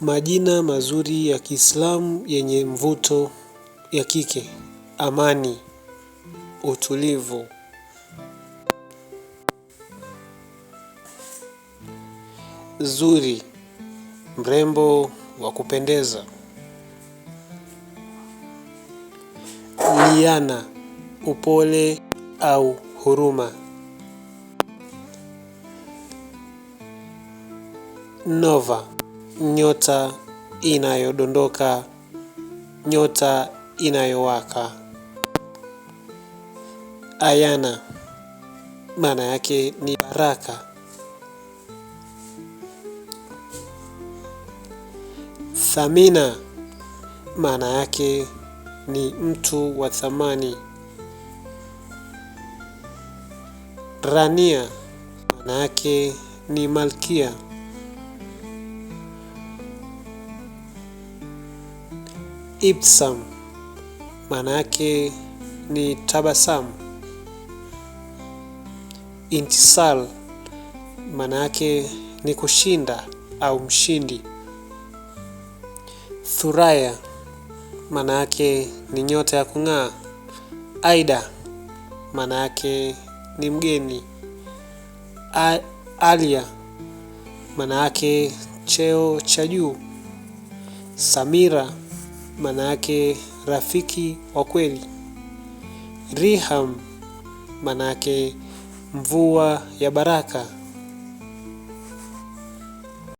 Majina mazuri ya Kiislamu yenye mvuto ya kike: amani, utulivu. Zuri, mrembo wa kupendeza. Liana, upole au huruma. Nova nyota inayodondoka, nyota inayowaka. Ayana maana yake ni baraka. Thamina maana yake ni mtu wa thamani. Rania maana yake ni malkia. Ibsam maana yake ni tabasam Intisal maana yake ni kushinda au mshindi. Thuraya maana yake ni nyota ya kung'aa. Aida maana yake ni mgeni. A Alia maana yake cheo cha juu. Samira maana yake rafiki wa kweli. Riham maana yake mvua ya baraka.